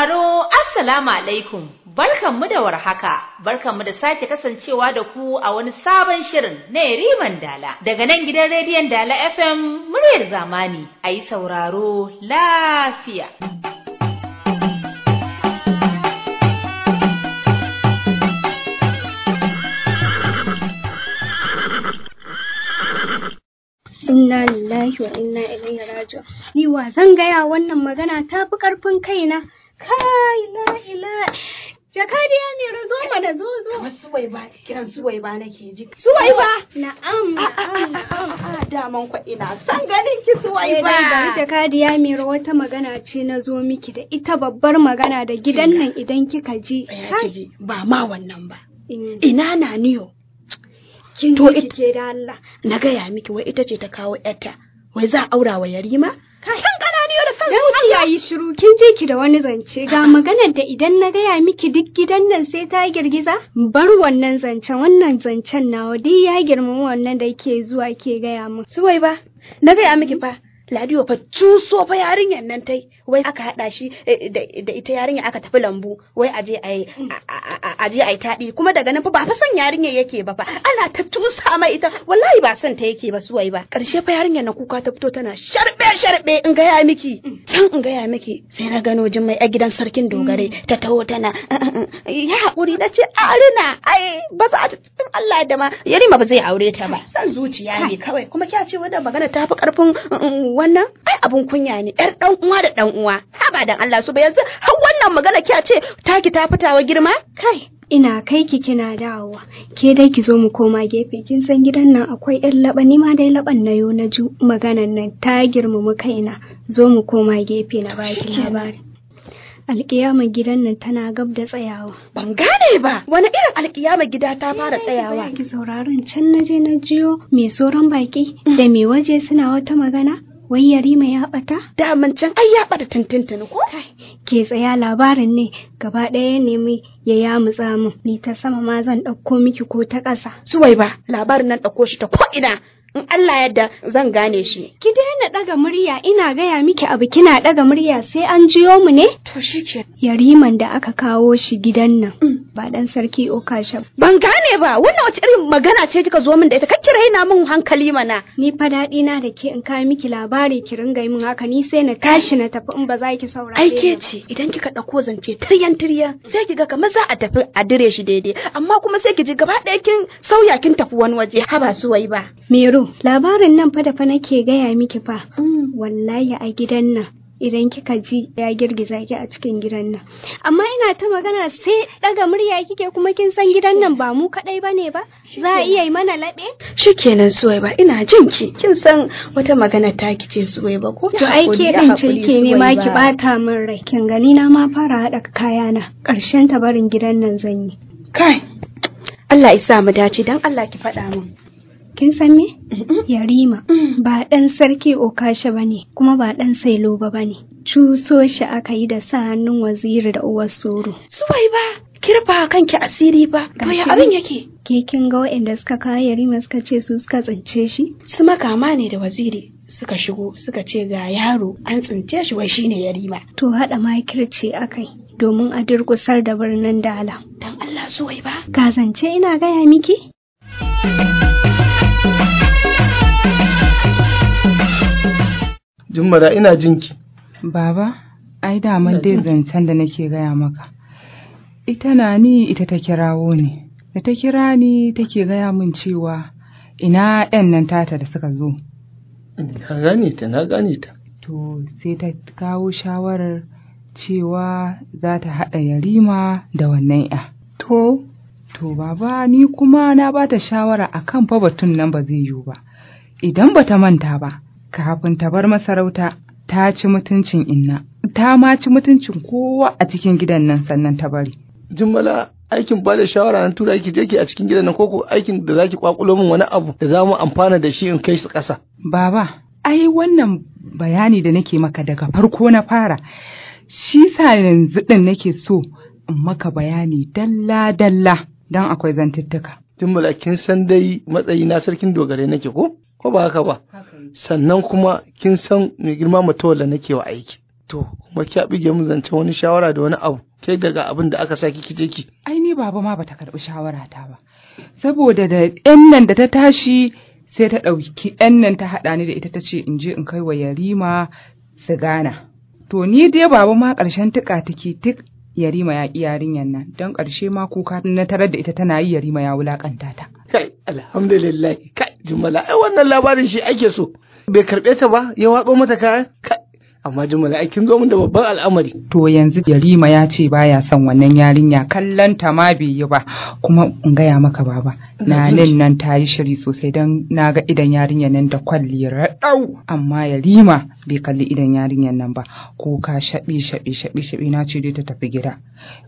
sauraro Assalamu alaikum barkan mu da warhaka barkan mu da sake kasancewa da ku a wani sabon shirin na Riman Dala daga nan gidan rediyon Dala FM muryar zamani ayi sauraro lafiya inna lillahi wa inna ilaihi raji'un ni wa zan gaya wannan magana ta fi karfin kaina kai la ila jakadiya ne na zo mana zo zo suwai ba kiran suwai ba nake ji suwai ba na'am ah, ah, na'am ah, daman ku ina san ganin ki eh, suwai ba jakadiya mira wata magana ce na zo miki da ita babbar magana da gidan nan idan kika ji ba ma wannan ba mm. ina na niyo kin ji kike da Allah na gaya miki wai ita ce ta kawo yarta wai za a aura wa yarima ka san kananiyo da san zuciya yi shiru kin je ki da wani zance ga maganar da idan na gaya miki duk gidan nan sai ta girgiza bar wannan zancen wannan zancen nawa dai ya girmama wannan da yake zuwa ke gaya min suwai ba na gaya miki fa ladiyo fa cuso fa yarinyar nan tai wai aka hada shi eh, eh, da ita yarinya aka tafi lambu wai aje je a yi taɗi kuma daga nan fa ba fa son yarinyar yake ba fa ana ta cusa mai ita wallahi ba son ta yake ba suwai ba karshe fa yarinyar na kuka ta fito tana sharɓe-sharɓe in gaya miki can in ga miki sai na gano jin mai a gidan sarkin dogare ta taho tana ah, ah, ah, ya hakuri na ce arina ai ba za ta Allah da ma yarima ba zai aure ta ba son zuciya ne kawai kuma kya ce wannan magana ta fi karfin mm, mm, wannan ai abun kunya ne yar dan uwa da dan uwa ha ba dan Allah su ba yanzu har wannan magana kiya ce taki ta fitawa girma kai ina kai ki kina dawowa ke dai ki zo mu koma gefe kin san gidan nan akwai yan laba ni ma dai laban na yo na ju maganan nan ta girmama kaina zo mu koma gefe na baki labari alƙiyamar gidan nan tana gab da tsayawa. Ban gane ba, wani irin alƙiyamar gida ta fara tsayawa. Ki sauraron can na je na jiyo mai tsoron baki mm. da mai waje suna wata magana wai yarima ya ɓata? Daman can ai ya ɓata tuntuntuni ko? Ke tsaya labarin ne gaba ɗaya mai ya mutsa min ni ta sama ma zan ɗauko miki ko ta ƙasa. Suwai ba labarin nan ɗauko shi ta ko ina. in Allah yadda zan gane shi. Ki daina ɗaga murya ina gaya miki abu kina ɗaga murya sai an jiyo mu ne? To ke. Yariman da aka kawo shi gidan nan mm. ba dan sarki Okasha. Ban gane ba wannan wace irin magana ce kika zo min da ita kake raina min hankali mana. Ni fa daɗi na da ke in kai miki labari ki ringa min haka ni sai na tashi na tafi in ba za ki saurare Aike ce idan kika ɗauko zance tiryan tirya sai ki ga kamar za a tafi a dire shi daidai amma kuma sai ki ji gaba ɗaya kin sauya kin tafi wani waje ha su wai ba. Mero labarin nan fa da fa nake gaya miki fa. Mm. Wallahi a gidan nan idan kika ji ya girgiza ki a cikin gidan nan amma ina ta magana sai daga murya kike kuma kin san gidan nan ba mu kadai bane ba za a iya yi mana labe shikenan suwaiba ina jin ki kin san wata magana ta kice suwaiba ko to ai ke dan cike ne ma ki bata min rai kin gani na ma fara hada na karshen ta barin gidan nan zan yi kai Allah isa mu dace dan Allah ki faɗa min kin san me? Yarima mm. ba ɗan sarki Okasha ba ne, kuma ba ɗan Sailo ba ba ne. Cuso shi aka yi da sa hannun waziri da uwar soro. Suwai ba, kirba kanki asiri ba, to ya abin yake? Ke kin ga waɗanda suka kawo Yarima suka ce su suka tsince shi? Su makama ne da waziri. Suka shigo suka ce ga yaro an tsince shi wai shine Yarima. To haɗa makirce akai domin a durƙusar da birnin Dala. Dan Allah suwai ba. Ka zance ina gaya miki? thank you Jummala, ina jinki. Baba, ai daman dai zancen da nake gaya maka. Ita na ni ita ta kirawo ne, da ta kira ni take gaya min cewa ina ‘yan nan tata da suka zo. Na gane ta, na gane ta. To, sai ta kawo shawarar cewa za ta haɗa yarima da wannan ‘ya. To, to baba ni kuma na ba ta shawara akan fa batun nan ba zai yiwu ba, idan ba ta manta ba. kafin ta bar masarauta ta ci mutuncin inna ta ma ci mutuncin kowa a cikin gidan nan sannan ta bari jimmala aikin ba da shawara na tura ki je ki a cikin gidan nan koko aikin da zaki kwakulo min wani abu da zamu amfana da shi in kai su ƙasa baba ai wannan bayani da nake maka daga farko na fara shi sa yanzu din nake so in maka bayani dalla dalla dan akwai zantuttuka Jummala kin san dai matsayi na sarkin dogare nake ko ko ba haka ba sannan kuma kin san mai girma matawalla nake wa aiki to kuma ki bige mu zance wani shawara da wani abu kai daga abin da aka saki kije ki ai ni baba ma bata karbi shawara ta ba saboda da yan nan da ta tashi sai ta dauki yan nan ta hada ni da ita ta ce in je in kai wa Yarima sigana to ni dai baba ma karshen tuka take tik Yarima ya ƙi yarinyar nan don karshe ma kuka na tarar da ita tana yi Yarima ya wulakanta ta. Kai alhamdulillah kai jimala ai wannan labarin shi ake so bai karɓe ta ba ya watso mata kayan amma jimala ai kin zo mun da babban al'amari to yanzu yarima ya ce baya son wannan yarinya kallon ta ma bai yi ba kuma in gaya maka baba na nan nan ta yi shiri sosai don na ga idan yarinya nan da kwalli raɗau amma yarima bai kalli idan yarinyar nan ba ko ka shaɓe shaɓe na ce dai ta tafi gida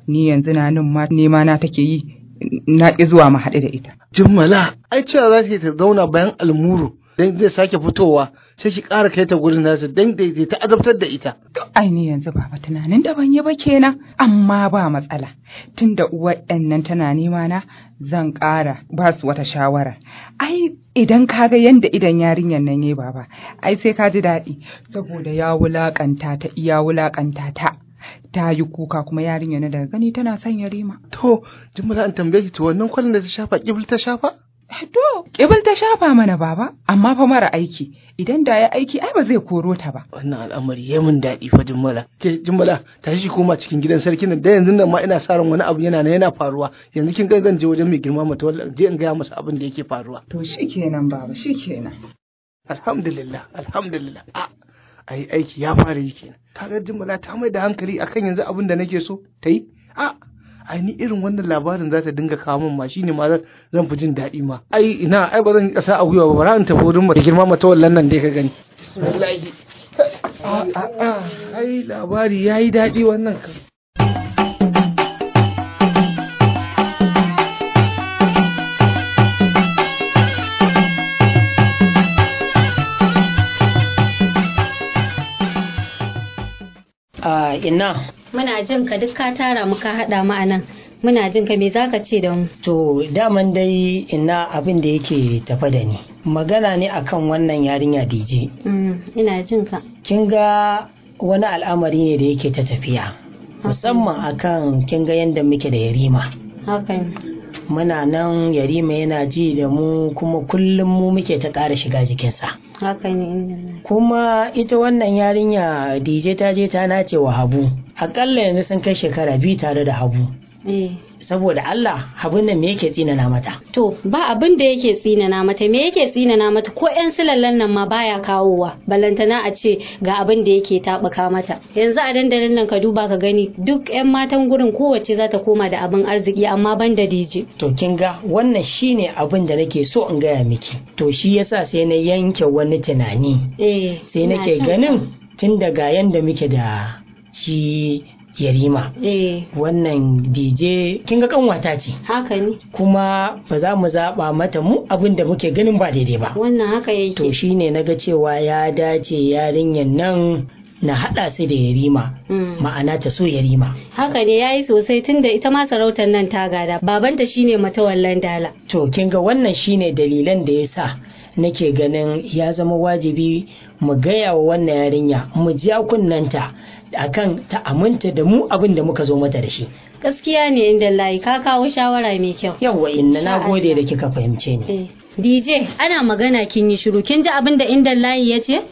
ni yanzu na nan ma nema na take yi na ƙi zuwa mu haɗu da ita. Jummala, ai cewa za ta zauna bayan almuru don zai sake fitowa sai ki ƙara kai ta gurin nasu don daidai ta azabtar da ita. To ai ni yanzu baba tunanin da ban yi ba kenan amma ba matsala tunda uwar ɗan nan tana nema na zan ƙara ba su wata shawara. Ai idan ka ga yanda idan yarinyar nan ya baba ai sai ka ji daɗi saboda ya wulaƙanta ta iya wulaƙanta ta. ta yi kuka kuma yarinya na daga gani tana son yarima. To, jimla an tambaye ki to wannan kwallon da ta shafa ƙibil ta shafa? To, ƙibil ta shafa mana baba, amma fa mara aiki. Idan da ya aiki ai ba zai koro ta ba. Wannan al'amari ya mun daɗi fa Jummala. Ke Jummala, tashi koma cikin gidan sarki nan da yanzu nan ma ina sa ran wani abu yana yana faruwa. Yanzu kin ga zan je wajen mai girma mata je in gaya masa abin da yake faruwa. To shikenan baba, shikenan. Alhamdulillah, alhamdulillah. Ah. a yi aiki ya fara yi kenan kaga jimala ta mai da hankali akan yanzu abin da nake so ta yi a ai ni irin wannan labarin za ta dinga kawo min ma shine ma zan fi jin daɗi ma ai ina ai ba zan yi ƙasa a gwiwa ba bara in tafi wurin mata girma mata wallan nan dai ka gani bismillahi ai labari yayi daɗi wannan kan inna muna jin ka duk ka tara muka haɗa mu a nan muna jin ka me zaka ce da mu to daman dai ina abin da yake tafa da ni magana ne akan wannan yarinya DJ mm, ina jin ka kin ga wani al'amari ne da yake ta tafiya musamman akan kin ga yadda muke da yarima muna nan yarima yana ji da mu kuma kullum mu muke ta ƙara shiga jikinsa haka ne kuma ita wannan yarinya dj ta je ta nace wa habu akalla yanzu sun kai shekara biyu tare da habu eh. saboda Allah abin nan me yake tsinana mata to ba abin da yake tsinana mata me yake tsinana mata ko yan silallan nan ma baya kawowa balantana a ce ga abin da yake tabuka mata yanzu a dandalin nan ka duba ka gani duk yan matan gurin kowace za ta koma da abin arziki amma ban dije to kin ga wannan shine abin da nake so in gaya miki to shi yasa sai na yanke wani tunani eh sai nake ganin tun daga yanda muke da shi yarima eh. wannan dj kin ga kanwata ce haka ne kuma ba za mu zaɓa mata mu abin da muke ganin ba daidai ba wannan haka yake to shine naga cewa ya dace yarinyar nan na haɗa su da yarima mm. ma'ana ta so yarima haka ne yayi sosai tunda ita ma sarautar nan ta gada babanta shine matawallan dala to kin ga wannan shine dalilan da ya sa nake ganin ya zama wajibi mu gaya wa wannan yarinya mu ja kunnanta akan ta aminta da mu abin da muka zo mata da shi gaskiya ne inda layi ka kawo shawara mai kyau yawa inna na gode da kika fahimce ni eh, DJ ana magana kin yi shiru kin ji abin da inda layi ya ce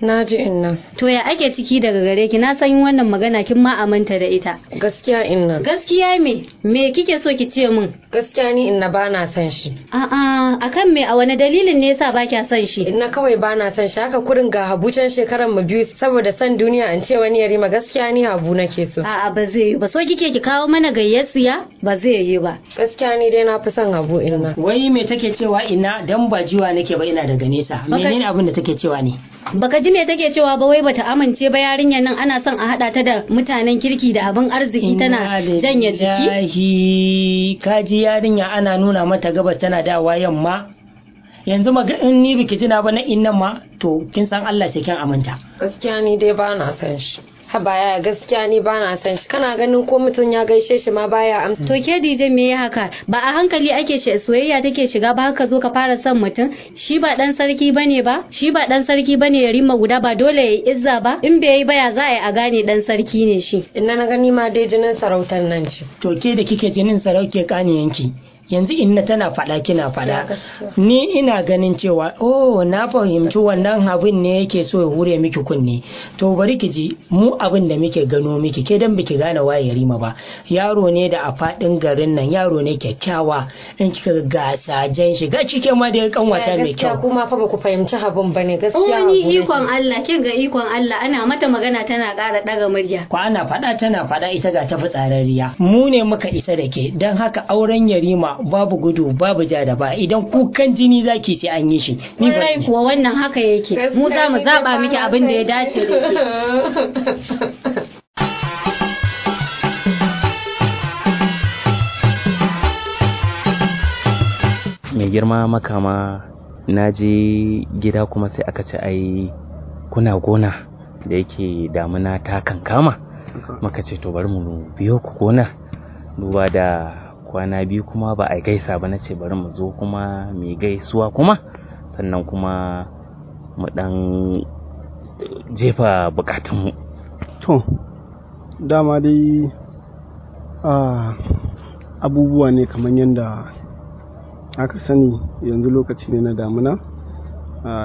Na ji inna. To ya ake ciki daga gare ki na san wannan magana kin ma amanta da ita. Gaskiya inna. Gaskiya me? Me kike so ki ce min? Gaskiya ni inna ba na san shi. A'a, akan me a wani dalilin ne yasa ba kya san shi? Inna kawai ba na san shi haka kurin ga Habucan shekaran mu biyu saboda san duniya an ce wani yari ma gaskiya ni habu nake so. A'a ba zai yi ba so kike ki kawo mana gayyatsiya ba zai yi ba. Gaskiya ni dai na fi son habu inna. Wai me take cewa inna dan ba jiwa nake ba ina daga nesa. Menene abin da take cewa ne? Baka ji me take cewa ba wai bata amince ba yarinyar nan ana son a hada ta da mutanen kirki da abin arziki tana janye jiki. Kaji yarinya ana nuna mata gabas tana dawa yamma. Yanzu maga in ni biki tuna ba na innan ma to kin san Allah shi kin aminta. Gaskiya ni dai ba na san shi. ya gaskiya ni ba na san shi kana ganin ko mutum ya gaishe shi ma baya amsa to ke DJ me yi haka ba a hankali ake shi soyayya take shiga ba haka zo ka fara son mutum shi ba dan sarki bane ba shi ba dan sarki bane ya rima guda ba dole ya izza ba in bai yi baya za a yi a gane dan sarki ne shi inna na gani ma dai jinin sarautar nan ce to ke da kike jinin sarauke kaniyanki yanzu inna tana faɗa kina fada ni ina ganin cewa oh na fahimci wannan abin ne yake so ya hure miki kunne to bari ki ji mu abin da muke gano miki ke dan biki gane waye rima ba yaro ne da a fadin garin nan yaro ne kyakkyawa in kika ga sajen shi ga cike ma da kanwata mai kyau kuma fa ku fahimci abin bane gaskiya oh, ni ikon Allah kin ga ikon Allah ana mata magana tana ƙara daga murya ko ana faɗa tana faɗa ita ga ta fitsararriya mu ne muka isa da ke dan haka auren yarima babu gudu babu ja da ba idan kukan jini zaki sai an yi shi ni ba kuwa wannan haka yake mu za mu zaba miki abin da ya dace da ke mai girma makama na je gida kuma sai aka ci ai kuna gona da yake damuna ta kankama muka ce to bari mu biyo ku gona duba da kwana biyu kuma ba a gaisa ba na ce bari mu zo kuma mai gaisuwa kuma sannan kuma mu dan jefa bukatunmu to dama dai abubuwa ne kamar yadda aka sani yanzu lokaci ne na damuna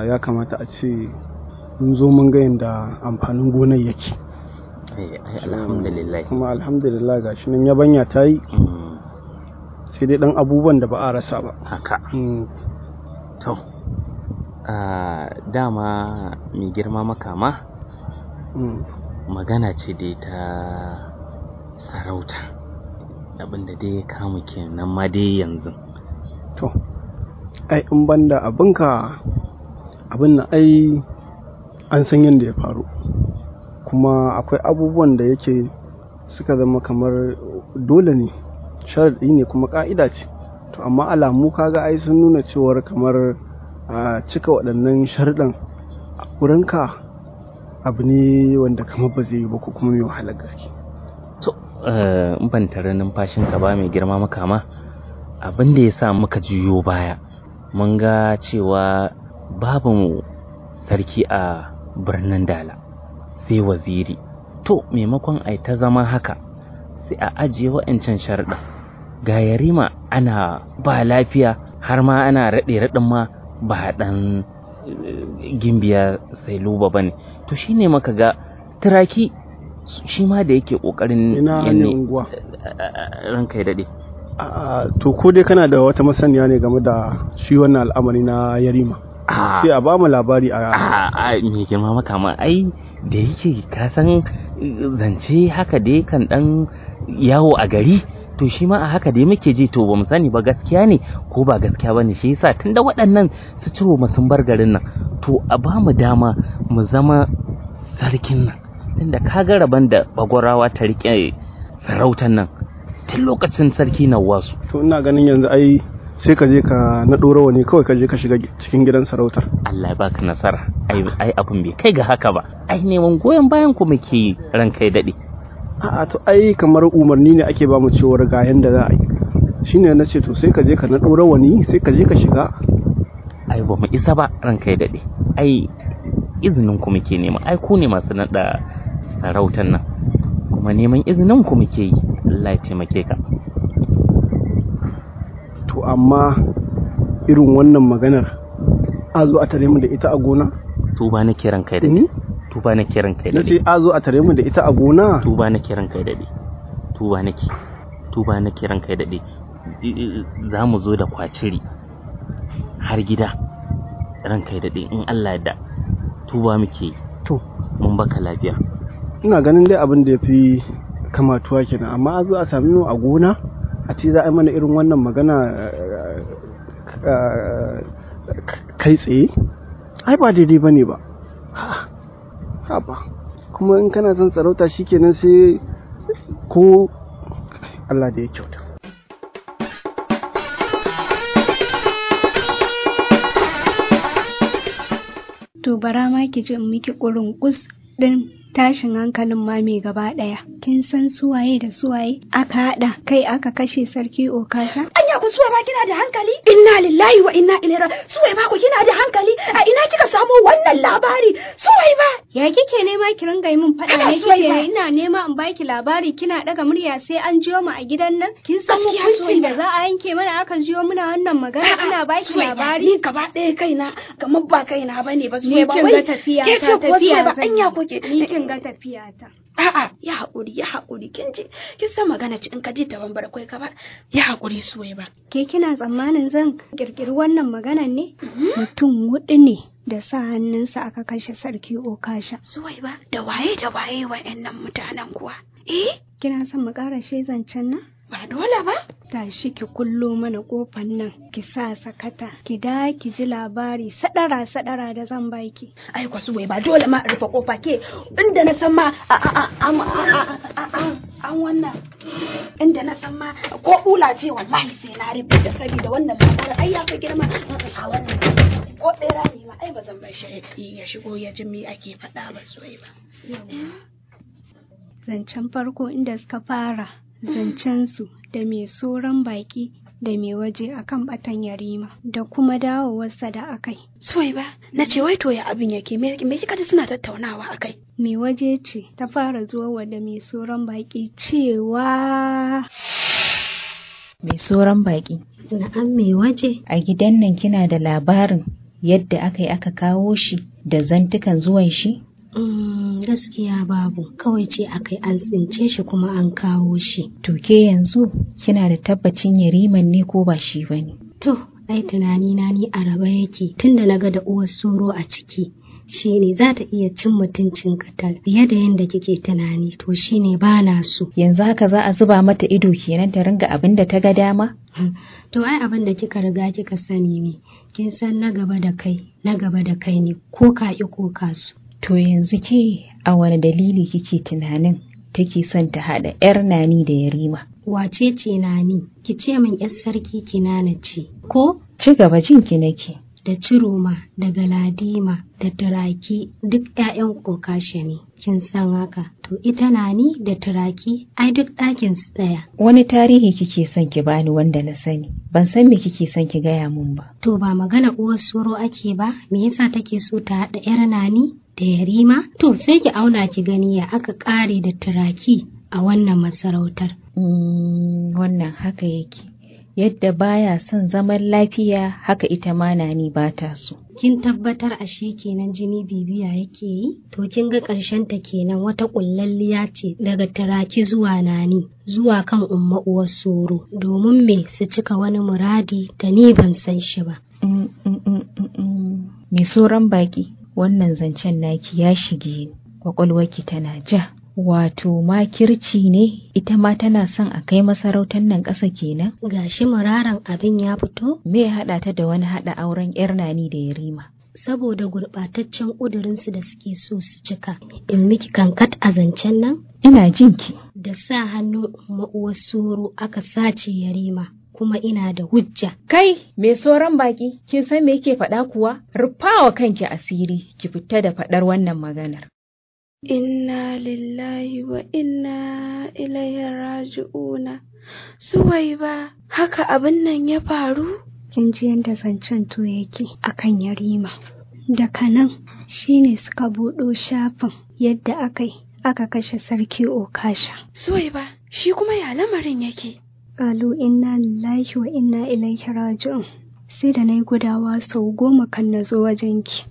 ya kamata a ce mun zo mun ga yadda amfanin gonar yake eh, kuma alhamdulillah shi nan yabanya ta yi mm. sai dai dan abubuwan da ba a rasa ba haka mm. to dama mai girma makama mm. magana ce dai ta sarauta abinda dai ya kama kenan ma dai yanzu to ai in banda abinka abin na ai an san yadda ya faru kuma akwai abubuwan da yake suka zama kamar dole ne sharaɗi ne kuma ƙa'ida ce to amma alamu kaga ai sun nuna cewar kamar a cika waɗannan sharuɗan a wurinka abu ne wanda kamar ba zai yi ba ko kuma mai wahalar gaske to eh, in ban tare ka ba mai girma makama abin da ya sa muka juyo baya mun ga cewa babu mu sarki a birnin dala sai waziri to maimakon ai ta zama haka sai a ajiye wa'ancan sharɗin ga yarima ana ba lafiya har ma ana raɗe raɗin ma ba ɗan eh, gimbiya sai luba ba ne to shi ne maka ga turaki shi ma da yake ƙoƙarin ina unguwa eh, eh, ranka ya daɗe to ko dai kana da wata masaniya ne game da shi wannan al'amari na yarima sai a ba mu labari a a me girma maka ma ai da yake ka san zance haka dai kan ɗan yawo a gari to shi ma a haka dai muke ji to ba mu sani ba gaskiya ne ko ba gaskiya ba ne shi yasa tunda waɗannan su ciro mu sun bar garin nan to a ba mu dama mu zama sarkin nan tunda ka ga raban da bagwarawa ta rike sarautar nan tun lokacin sarki na wasu to ina ganin yanzu ai sai ka je ka na ɗorawa ne kawai ka je ka shiga cikin gidan sarautar Allah ya baka nasara ai abin bai kai ga haka ba ai neman goyon bayan ku muke ran kai daɗe a'a to ai kamar umarni ne ake ba mu cewar ga yanda za a yi shine na ce to sai ka je ka na ɗora wani sai ka je ka shiga ai ba mu isa ba ranka ya daɗe ai izinin ku muke nema ai ku ne masu naɗa sarautan nan kuma neman izinin ku muke yi Allah ya taimake ka to amma irin wannan maganar a zo a tare mu da ita a gona to ba nake ranka ya ni? tuba na kiran kai dade nace a zo a tare mu da ita a gona tuba na kiran kai dade tuba nake tuba na kiran kai dade za mu zo da kwaciri har gida ran kai dade in Allah da tuba muke to mun baka lafiya ina ganin dai abin da ya fi kamatuwa kenan amma a zo a sami mu a gona a ce za a yi mana irin wannan magana eh, eh, eh, kai tsaye ai ba daidai ba ne ba ba kuma in kana son sarauta shi shikenan sai ko Allah da ya kyauta to bara ma ki ji miki kurin kus ɗin tashin hankalin ma mai gaba ɗaya kin san suwaye da suwaye aka haɗa kai aka kashe sarki okasa Anya ku suwa ma kina da hankali? Inna lillahi wa inna ilaihi Suwai ma ku kina da hankali? A ina kika samo wannan labari? Suwai ba. Ya kike nema ki ringa yi min faɗa ne kike ina nema in baki labari kina daga murya sai an jiyo mu a gidan nan? Kin san kuncin da za a yanke mana aka jiyo muna wannan magana ina baki labari? Ni gaba ɗaya kaina kamar ba kaina bane ba zuwa ba wai. Ke ce ko suwai ba anya ko ke. Ni kin ga tafiya ta. a'a ya haƙuri ya haƙuri kin ji kin san magana ci in ka ji ta bambara kai ka ba ya haƙuri suwe ba ke kina tsammanin zan kirkiri wannan maganan ne mm-hmm. mutum huɗu ne da sa hannunsa aka kashe sarki okasha Suwaiba ba da waye da waye wa'annan mutanen kuwa eh kina san mu ƙara zancen nan Ba dole ba? Tashi ki kullo mana kofan nan, ki sa sakata, ki da ki ji labari sadara sadara da zan baki. Ai kwasu wai ba dole ma rufe kofa ke inda na san ma a a a a an wannan inda na san ma ko ula ce wallahi sai na rufe da saboda wannan matar ai ya fi girma a wannan ko ɗaya ne ma ai ba zan bar shi ya shigo ya ji me ake faɗa ba soyayya ba. Zancen farko inda suka fara zancensu da mai soron baki da mai waje akan batan yarima da kuma dawowarsa da akai. Suwai ba, na ce wai to ya abin yake me kika da suna tattaunawa akai. Mai waje ce ta fara zuwa wadda mai soron baki cewa. Mai soron baki. Na'am mai waje. A gidan nan kina da labarin yadda aka yi aka kawo shi da zantukan zuwan shi? Mm. Gaskiya babu, kawai ce akai an tsince shi kuma an kawo shi. To ke yanzu kina da tabbacin yariman ne ko ba shi ne. To, ai tunani na ni a raba yake tunda na ga da uwar soro a ciki. shi ne za ta iya cin mutuncin katal fiye da yadda kike tunani to shi ne ba na so. Yanzu haka za a zuba mata ido kenan ta ringa abin da ta ga dama? To ai abin da kika riga kika sani ne, kin san na gaba da kai, na gaba da kai ne ko ka ko ka su. To yanzu ke a wani dalili kike tunanin take son ta haɗa 'yar nani da yarima? Wace ce nani? Ki ce min 'yar sarki ki nana ce, ko? Ci gaba jin ki nake. da ciroma da galadima da turaki duk 'ya'yan kokashe ne kin san haka to ita nani da turaki ai duk ɗakin su ɗaya wani tarihi kike son ki bani wanda na sani ban san me kike son ki gaya mun ba to ba magana uwar soro ake ba me yasa take so ta haɗa 'yar nani da yarima to sai ki auna ki gani ya aka kare da turaki a wannan masarautar. Mm, wannan haka yake yadda baya son zaman lafiya haka ita ma nani ba ta so. Kin tabbatar a shi kenan jini bibiya yake yi? To kin ga ƙarshen ta kenan wata ƙullalliya ce daga taraki zuwa nani zuwa kan umma uwar soro domin me su cika wani muradi da ni ban san shi ba. Mm, mm, mm, mm, mm. Me soron baki wannan zancen naki ya shige Kwakwalwaki tana ja wato makirci ne ita ma tana son a kai masarautar nan ƙasa kenan Ga shi muraran abin ya fito me ya haɗa ta da wani haɗa auren yar nani da yarima saboda gurɓataccen ƙudurinsu da suke so su cika. In miki kankat a zancen nan? Ina jinki. Da sa hannu ma'uwar soro aka sace yarima. kuma ina da hujja. Kai, me sauran baƙi! kin san me yake faɗa kuwa? Rufawa kanki asiri, ki fita da faɗar wannan maganar. Inna lillahi wa inna ilayhi raji'una. Suwai ba, haka abin nan ya faru? Kin ji yadda zancen to yake akan yarima. Daga nan shi ne suka buɗo shafin yadda aka yi aka kashe sarki Okasha. Suwai ba, shi kuma ya lamarin yake. kalu inna lillahi wa inna ilaihi raji'un sai da na yi gudawa sau goma kan na zo wajen ki.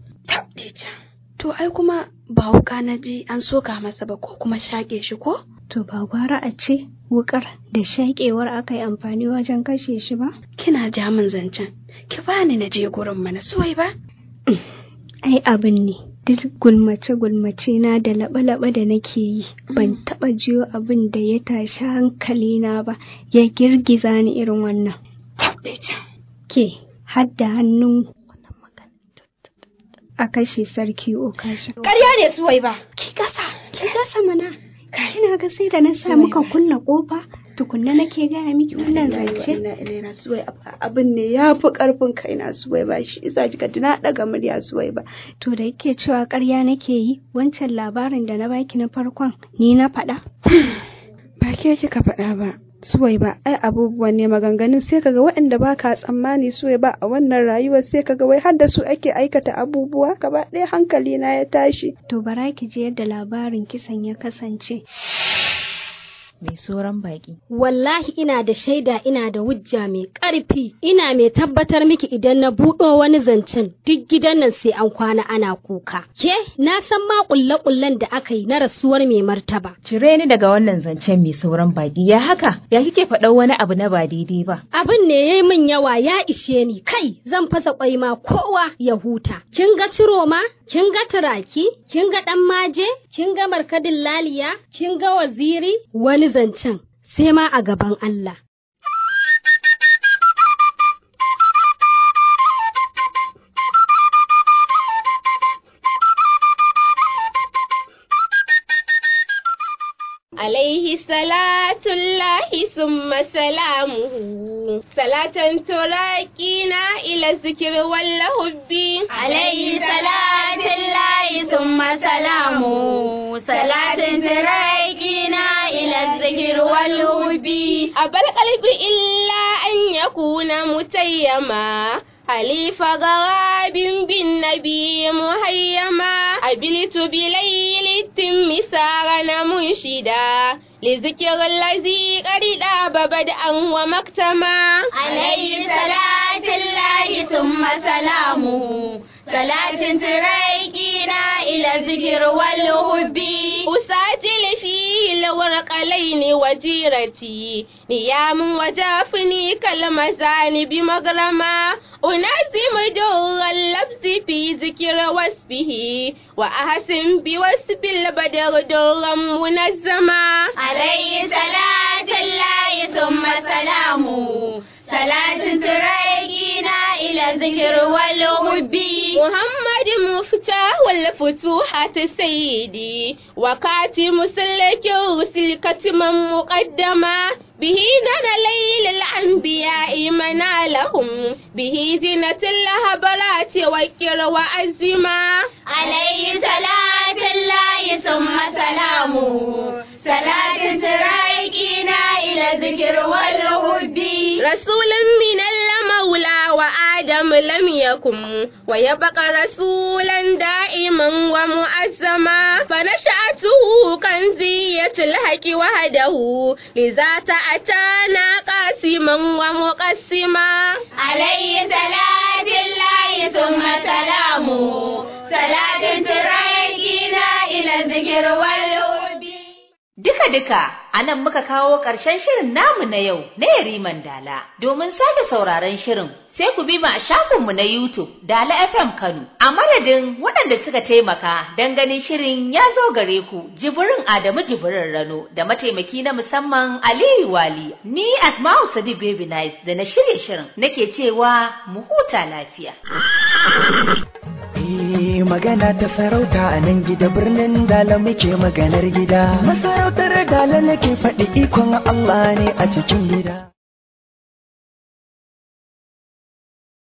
To ai kuma ba wuka na ji an soka masa ba ko kuma shaƙe shi ko? To ba gwara a ce wukar da shaƙewar aka yi amfani wajen kashe shi ba? Kina ja min zancen, ki bani na je gurin mana suwai ba? Ai abin ne. duk gulmace-gulmace na da laɓa-laɓa da nake yi ban taɓa jiyo abin da ya tashi hankali na ba ya girgiza ni irin wannan ke hadda hannun a kashe sarki o kashi. ƙarya ne suwai ba ki gasa ki gasa mana kina ga sai da na sa muka kulla ƙofa? tukunna nake gaya miki wannan zance suwai abin ne ya fi karfin kaina suwai ba shi isa kika tuna daga murya suwai ba to da yake cewa karya nake yi wancan labarin da na baki na farkon ni na faɗa ba ke kika faɗa ba suwai ba ai abubuwan ne maganganun sai kaga waɗanda ba ka tsammani suwai ba a wannan rayuwar sai kaga wai har da su ake aikata abubuwa gaba ɗaya hankali na ya tashi to bara ki je yadda labarin kisan ya kasance mai sauran baki. Wallahi ina da shaida ina da wujja mai ƙarfi, ina mai tabbatar miki idan na buɗo wani zancen duk gidan nan sai an kwana ana kuka. Ke, na san ma ƙulle-ƙullen da aka yi na rasuwar mai martaba. Cire ni daga wannan zancen mai sauran baki, ya haka, ya kike faɗar wani abu na ba daidai ba. Abin ne ya yi min yawa ya ishe ni, kai zan fasa ƙwai ma kowa ya huta. Kin ga ciro ma? Kin ga turaki? Kin ga ɗan maje? kin ga markadin laliya, kin ga waziri wani zancen, sai ma a gaban Allah. alaihi salatullahi summa salamuhu salatan na ila zikri walla hubbi alaihi salatullahi summa salamu salatan na ila zikri walla hubbi abal qalbi illa an yakuna mutayyama halifa garabin bin nabi muhayyama abiltu bilayl sin misa na mun shida li zikirin lazi kari da babad an wa maktama alayhi salatu lahi tun salamu. صلاة تريكينا إلى الذكر والهب أساتل في فيه الورقلين وجيرتي نيام وجافني كالمزان بمغرمة أنظم جوغ اللبس في ذكر وصفه وأحسن بوصف البدر درا منزما عليه صلاة الله ثم سلامه صلاة تريقينا إلى ذكر والحب محمد مفتاح والفتوحات سيدي وقاتم سلك الرسل كتما مقدما به دنا ليل الأنبياء منالهم به زينة الهبلات وكر وأزما عليه صلاة الله ثم سلامه صلاة ترايقنا إلى ذكر والهدى رسولا من المولى وآدم لم يكن ويبقى رسولا دائما ومؤزما فنشأته كنزية الحق وهده لذا تأتانا قاسما ومقسما عليه صلاة الله ثم سلامه صلاة ترايقنا إلى الذكر والهدى Duka-duka a nan muka kawo ƙarshen shirin namu na yau na Yariman Dala. Domin sake sauraron shirin sai ku bi mu a shafinmu na YouTube Dala FM Kano. A madadin waɗanda suka taimaka don ganin shirin ya zo gare ku jibirin Adamu jibirin Rano da mataimaki na musamman Aliyu Wali. Ni Asma'u sadi Baby Nice da na shirye shirin nake cewa mu huta lafiya. magana ta sarauta a nan gida birnin dala muke maganar gida masarautar dala nake faɗi ikon Allah ne a cikin gida